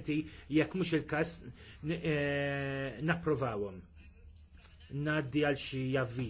inti jekk mhux il-każ eh, napprovawhom. Ngħaddi għal xi avviż.